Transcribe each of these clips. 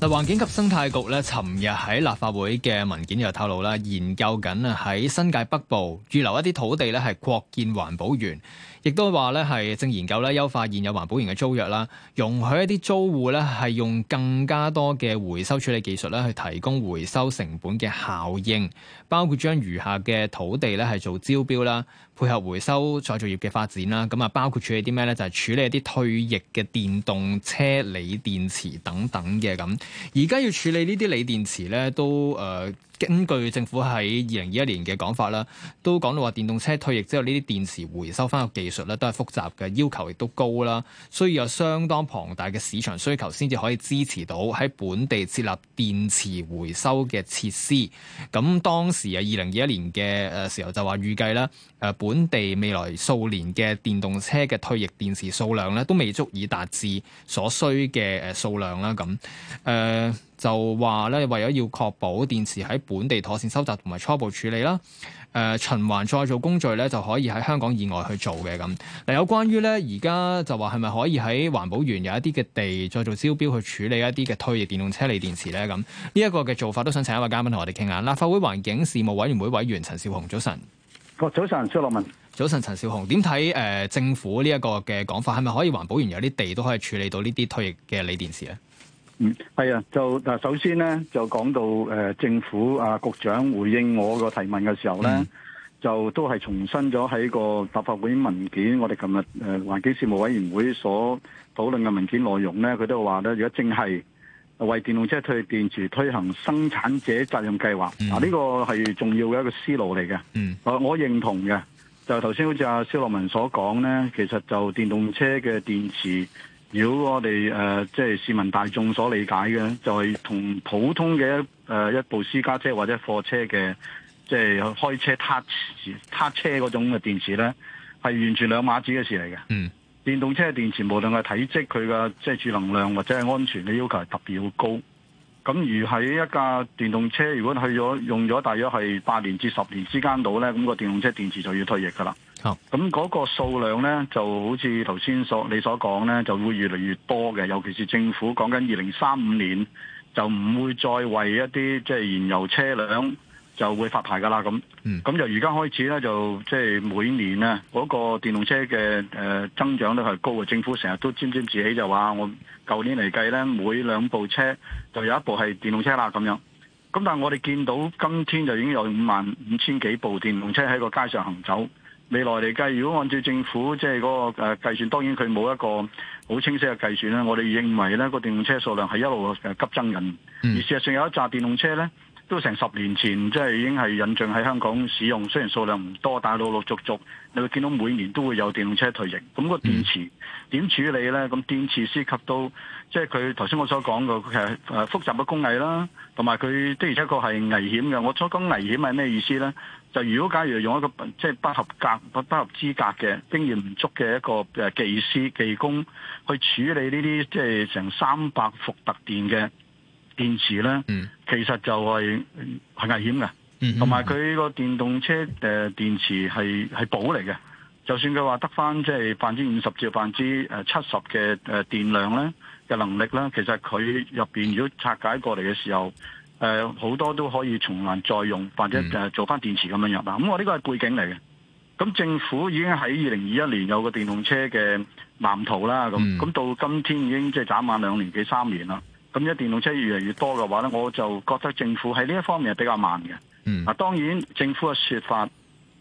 嗱，環境及生態局咧，尋日喺立法會嘅文件又透露啦，研究緊啊喺新界北部預留一啲土地咧，係擴建環保園。亦都話咧係正研究咧優化現有環保園嘅租約啦，容許一啲租戶咧係用更加多嘅回收處理技術咧去提供回收成本嘅效應，包括將餘下嘅土地咧係做招標啦，配合回收再造業嘅發展啦。咁啊，包括處理啲咩咧？就係、是、處理一啲退役嘅電動車、鋰電池等等嘅咁。而家要處理呢啲鋰電池咧，都、呃、誒。根據政府喺二零二一年嘅講法啦，都講到話電動車退役之後，呢啲電池回收翻個技術咧都係複雜嘅，要求亦都高啦，需要有相當龐大嘅市場需求先至可以支持到喺本地設立電池回收嘅設施。咁當時啊，二零二一年嘅誒時候就話預計啦，誒本地未來數年嘅電動車嘅退役電池數量咧都未足以達至所需嘅誒數量啦。咁誒。呃就話咧，為咗要確保電池喺本地妥善收集同埋初步處理啦，誒、呃、循環再造工序咧，就可以喺香港以外去做嘅咁。嗱，有關於咧，而家就話係咪可以喺環保園有一啲嘅地再做招標去處理一啲嘅退役電動車鋰電池咧？咁呢一個嘅做法都想請一位嘉賓同我哋傾下。立法會環境事務委員會委員陳紹雄，早晨。早晨，張樂文。早晨，陳紹雄，點睇誒政府呢一個嘅講法？係咪可以環保園有啲地都可以處理到呢啲退役嘅鋰電池咧？嗯，係啊，就嗱，首先咧就講到誒、呃、政府啊局長回應我個提問嘅時候咧，嗯、就都係重申咗喺個立法會文件，我哋琴日誒環境事務委員會所討論嘅文件內容咧，佢都話咧，如果正係為電動車退電池推行生產者責任計劃，嗯、啊呢個係重要嘅一個思路嚟嘅。嗯，我、啊、我認同嘅就頭先好似阿蕭樂文所講咧，其實就電動車嘅電池。如果我哋誒、呃、即係市民大眾所理解嘅，就係、是、同普通嘅誒一、呃、一部私家車或者貨車嘅即係開車撻撻車嗰種嘅電池呢，係完全兩碼子嘅事嚟嘅。嗯，電動車電池無論係體積、佢嘅即係儲能量或者係安全嘅要求係特別好高。咁而喺一架電動車，如果去咗用咗大約係八年至十年之間度呢，咁、那個電動車電池就要退役噶啦。咁嗰、oh. 個數量呢，就好似頭先所你所講呢，就會越嚟越多嘅。尤其是政府講緊二零三五年就唔會再為一啲即係燃油車輛就會發牌噶啦。咁咁、mm. 就而家開始呢，就即係每年呢，嗰、那個電動車嘅、呃、增長都係高嘅。政府成日都沾沾自喜就話，我舊年嚟計呢，每兩部車就有一部係電動車啦。咁樣咁，但係我哋見到今天就已經有五萬五千幾部電動車喺個街上行走。未來嚟計，如果按照政府即係嗰個誒計算，當然佢冇一個好清晰嘅計算啦。我哋認為咧，個電動車數量係一路誒急增緊，而事實上有一扎電動車咧。都成十年前，即係已經係引進喺香港使用，雖然數量唔多，但係陸陸續續，你會見到每年都會有電動車退役。咁個電池點處理呢？咁電池涉及到即係佢頭先我所講嘅，其實複雜嘅工藝啦，同埋佢的而且確係危險嘅。我所講危險係咩意思呢？就如果假如用一個即係不合格、不合資格嘅經驗唔足嘅一個技師、技工去處理呢啲即係成三百伏特電嘅。電池咧、嗯，其實就係係危險嘅，同埋佢個電動車誒電池係係寶嚟嘅。就算佢話得翻即係百分之五十至百分之七十嘅誒電量咧嘅能力咧，其實佢入面如果拆解過嚟嘅時候，誒好多都可以從來再用，或者做翻電池咁樣樣啦。咁我呢個係背景嚟嘅。咁政府已經喺二零二一年有個電動車嘅藍圖啦。咁咁到今天已經即係眨眼兩年幾三年啦。咁一啲電動車越嚟越多嘅話咧，我就覺得政府喺呢一方面係比較慢嘅。嗯。啊、當然政府嘅說法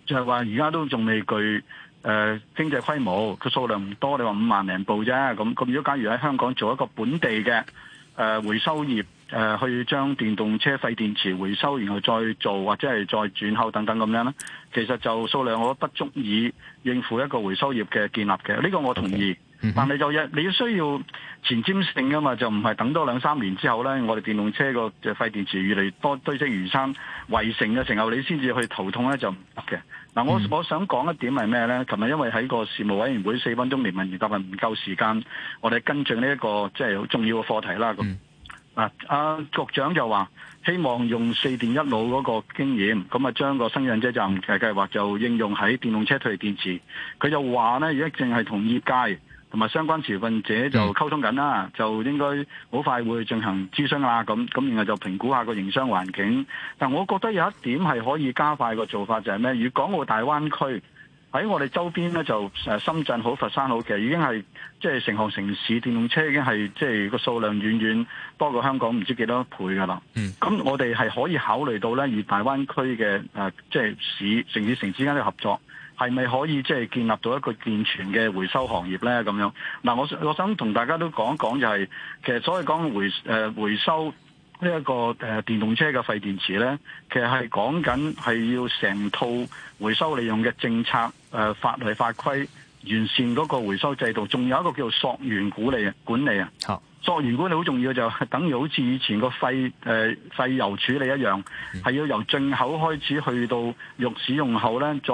就係話而家都仲未具誒、呃、經濟規模，個數量唔多。你話五萬零部啫，咁咁。如果假如喺香港做一個本地嘅誒、呃、回收業誒、呃、去將電動車廢電池回收，然後再做或者係再轉口等等咁樣咧，其實就數量我都不足以應付一個回收業嘅建立嘅。呢個我同意。Okay. 但係就日，你需要前瞻性啊嘛，就唔係等多兩三年之後咧，我哋電動車個廢電池越嚟越多堆積如山，圍城嘅時候你先至去頭痛咧就唔得嘅。嗱、嗯，我我想講一點係咩咧？琴日因為喺個事務委員會四分鐘連問而提問唔夠時間，我哋跟進呢一個即係好重要嘅課題啦。咁啊、嗯，局長就話希望用四電一腦嗰個經驗，咁啊將個新型車站計劃就應用喺電動車退役電池。佢就話咧，而家淨係同業界。同埋相關持份者就溝通緊啦，就，就應該好快會進行諮詢啦，咁咁然後就評估下個營商環境。但我覺得有一點係可以加快個做法就係、是、咩？粵港澳大灣區喺我哋周邊咧就深圳好、佛山好，其實已經係即係成行成市電動車已經係即係個數量遠遠多過香港唔知幾多倍㗎啦。嗯，咁我哋係可以考慮到咧，與大灣區嘅即係市城市城市之間嘅合作。係咪可以即係建立到一個健全嘅回收行業呢？咁樣嗱，我我想同大家都講一講，就係其實所謂講回回收呢一個誒電動車嘅廢電池呢，其實係講緊係要成套回收利用嘅政策法律法規完善嗰個回收制度，仲有一個叫做溯源管理管理啊，溯源管理好重要，就係等於好似以前個廢誒廢油處理一樣，係要由進口開始去到肉使用後呢，再。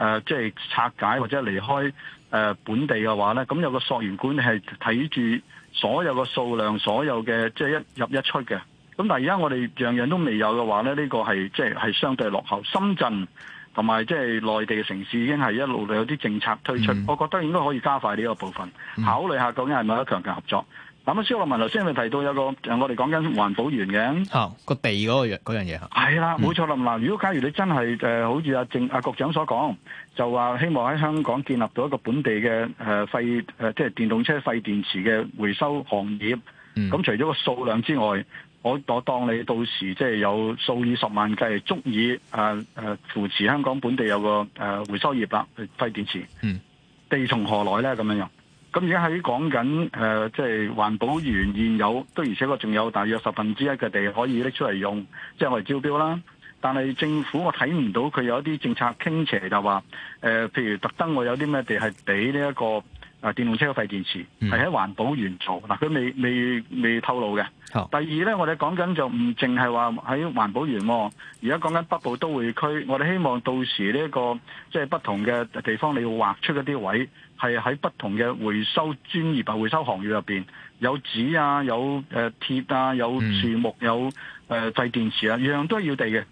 誒、呃，即係拆解或者離開誒、呃、本地嘅話咧，咁有個溯源管理係睇住所有嘅數量，所有嘅即係一入一出嘅。咁但係而家我哋樣樣都未有嘅話咧，呢、呢個係即係係相對落後。深圳同埋即係內地嘅城市已經係一路有啲政策推出，mm hmm. 我覺得應該可以加快呢個部分，考慮下究竟係咪有強強合作。嗱，咁肖立文頭先咪提到有個，誒，我哋講緊環保園嘅，啊，個地嗰、那個樣嗰樣嘢啊，係啦，冇錯啦，嗱、嗯，如果假如你真係，誒、呃，好似阿政阿局長所講，就話希望喺香港建立到一個本地嘅，誒、呃，廢，誒、呃，即係電動車廢電池嘅回收行業，咁、嗯、除咗個數量之外，我我當你到時即係有數以十萬計，足以，誒、呃，誒、呃，扶持香港本地有個，誒、呃，回收業啦，廢電池，嗯，地從何來咧？咁樣樣？咁而家喺講緊，誒，即、呃、係、就是、環保園現有，都而且我仲有大約十分之一嘅地可以拎出嚟用，即、就、係、是、我哋招標啦。但係政府我睇唔到佢有一啲政策傾斜，就話，誒，譬如特登我有啲咩地係俾呢一個。啊！電動車嘅廢電池係喺、嗯、環保園做嗱，佢未未未透露嘅。好第二咧，我哋講緊就唔淨係話喺環保園喎，而家講緊北部都會區。我哋希望到時呢、這、一個即係、就是、不同嘅地方，你要劃出一啲位，係喺不同嘅回收專業、回收行業入面，有紙啊，有誒、呃、鐵啊，有樹木，有誒廢、呃、電池啊，樣樣都要地嘅。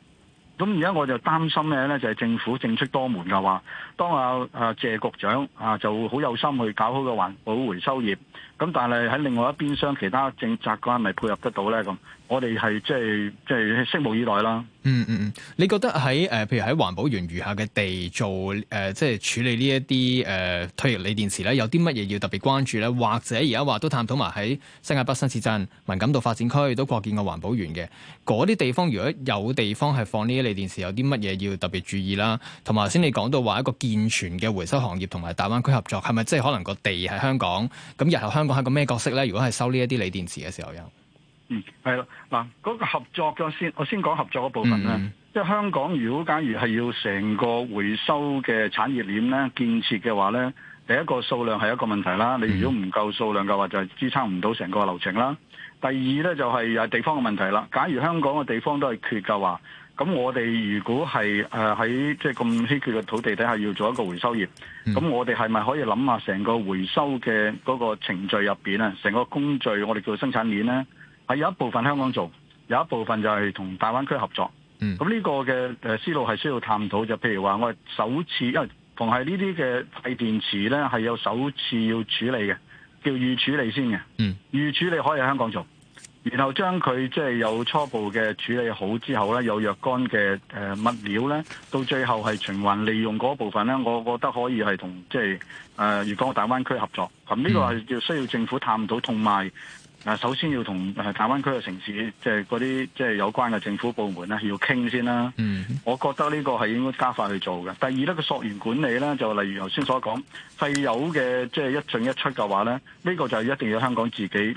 咁而家我就擔心咩呢？就係政府政出多門嘅話，當啊啊謝局長啊就好有心去搞好個環保回收業，咁但係喺另外一邊，廂其他政策嗰啲係咪配合得到呢？咁。我哋係即係即係拭目以待啦。嗯嗯嗯，你覺得喺、呃、譬如喺環保園餘下嘅地做、呃、即係處理呢一啲誒退役鋰電池咧，有啲乜嘢要特別關注咧？或者而家話都探討埋喺新界北新市鎮文錦渡發展區都擴建個環保園嘅嗰啲地方，如果有地方係放呢啲鋰電池，有啲乜嘢要特別注意啦？同埋頭先你講到話一個健全嘅回收行業同埋大灣區合作，係咪即係可能個地喺香港咁，日後香港係個咩角色咧？如果係收呢一啲鋰電池嘅時候又？嗯，係啦，嗱，嗰個合作咗先，我先講合作嘅部分啦。嗯、即係香港，如果假如係要成個回收嘅產業鏈咧建設嘅話咧，第一個數量係一個問題啦。你如果唔夠數量嘅話，就係支撐唔到成個流程啦。第二咧就係啊地方嘅問題啦。假如香港嘅地方都係缺嘅話，咁我哋如果係誒喺即係咁稀缺嘅土地底下要做一個回收業，咁、嗯、我哋係咪可以諗下成個回收嘅嗰個程序入邊啊，成個工序我哋叫做生產鏈咧？係有一部分香港做，有一部分就係同大灣區合作。咁呢、嗯、個嘅誒思路係需要探討，就譬如話我哋首次，因為同係呢啲嘅廢電池咧係有首次要處理嘅，叫預處理先嘅。預、嗯、處理可以喺香港做，然後將佢即係有初步嘅處理好之後咧，有若干嘅誒物料咧，到最後係循環利用嗰部分咧，我覺得可以係同即係誒如果大灣區合作。咁呢、嗯、個係要需要政府探討，同埋。首先要同誒大灣區嘅城市，即係嗰啲即係有關嘅政府部門咧，要傾先啦。嗯，我覺得呢個係應該加快去做嘅。第二咧，個溯源管理咧，就例如頭先所講，廢油嘅，即係一進一出嘅話咧，呢個就係一定要香港自己去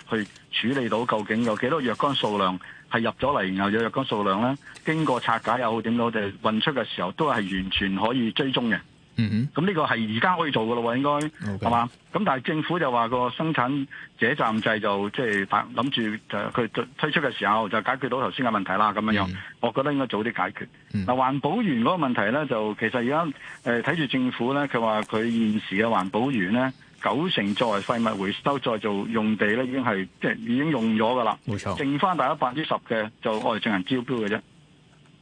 處理到，究竟有幾多若干數量係入咗嚟，然後有若干數量咧經過拆解又好點講，就運出嘅時候都係完全可以追蹤嘅。嗯咁呢個係而家可以做噶咯喎，應該 Okay.，係嘛？咁但係政府就話個生產者站制就即係諗住就佢、是、推出嘅時候就解決到頭先嘅問題啦，咁樣、嗯、樣，我覺得應該早啲解決。嗱、嗯，環保園嗰個問題咧，就其實而家誒睇住政府咧，佢話佢現時嘅環保園咧，九成作為廢物回收再造用地咧，已經係即係已經用咗噶啦，冇錯沒錯，剩翻大約百分之十嘅就我哋進行招標嘅啫。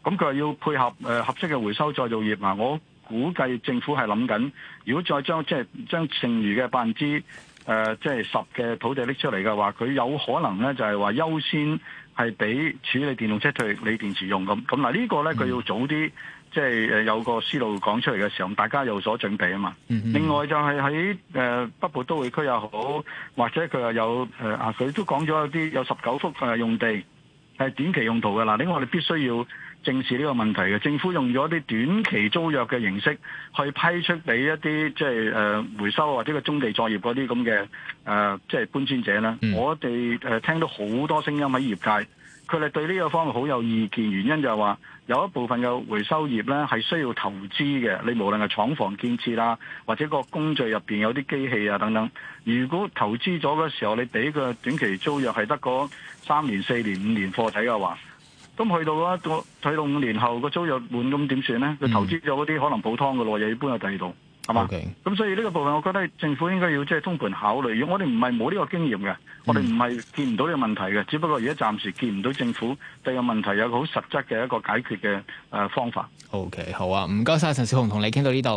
咁佢話要配合誒、呃、合適嘅回收再造業啊、嗯，我。估計政府係諗緊，如果再將即係將剩餘嘅百分之誒、呃、即係十嘅土地拎出嚟嘅話，佢有可能咧就係話優先係俾處理電動車退役電池用咁。咁嗱呢個咧佢要早啲即係誒有個思路講出嚟嘅時候，大家有所準備啊嘛。嗯嗯，另外就係喺誒北部都會區又好，或者佢又有誒，佢都講咗一啲有十九幅誒用地係短期用途㗎喇。另外我哋必須要。正視呢個問題嘅。政府用咗啲短期租約嘅形式去批出俾一啲即係誒回收或者個棕地作業嗰啲咁嘅即係搬遷者啦，嗯、我哋誒聽到好多聲音喺業界，佢哋對呢個方面好有意見。原因就係話有一部分嘅回收業咧係需要投資嘅，你無論係廠房建設啦，或者個工序入面有啲機器啊等等。如果投資咗嘅時候，你俾個短期租約係得嗰三年、四年、五年貨仔嘅話，咁去到啦，到去到五年後，個租約滿咁點算咧？就投資咗嗰啲可能補湯嘅咯，嘢，要搬去第二度，係嘛 Okay.？咁所以呢個部分，我覺得政府應該要即係通盤考慮。如果我哋唔係冇呢個經驗嘅，我哋唔係見唔到呢個問題嘅，嗯、只不過而家暫時見唔到政府第二個問題，有個好實質嘅一個解決嘅誒方法。OK，好啊，唔該晒陳紹雄，同你傾到呢度。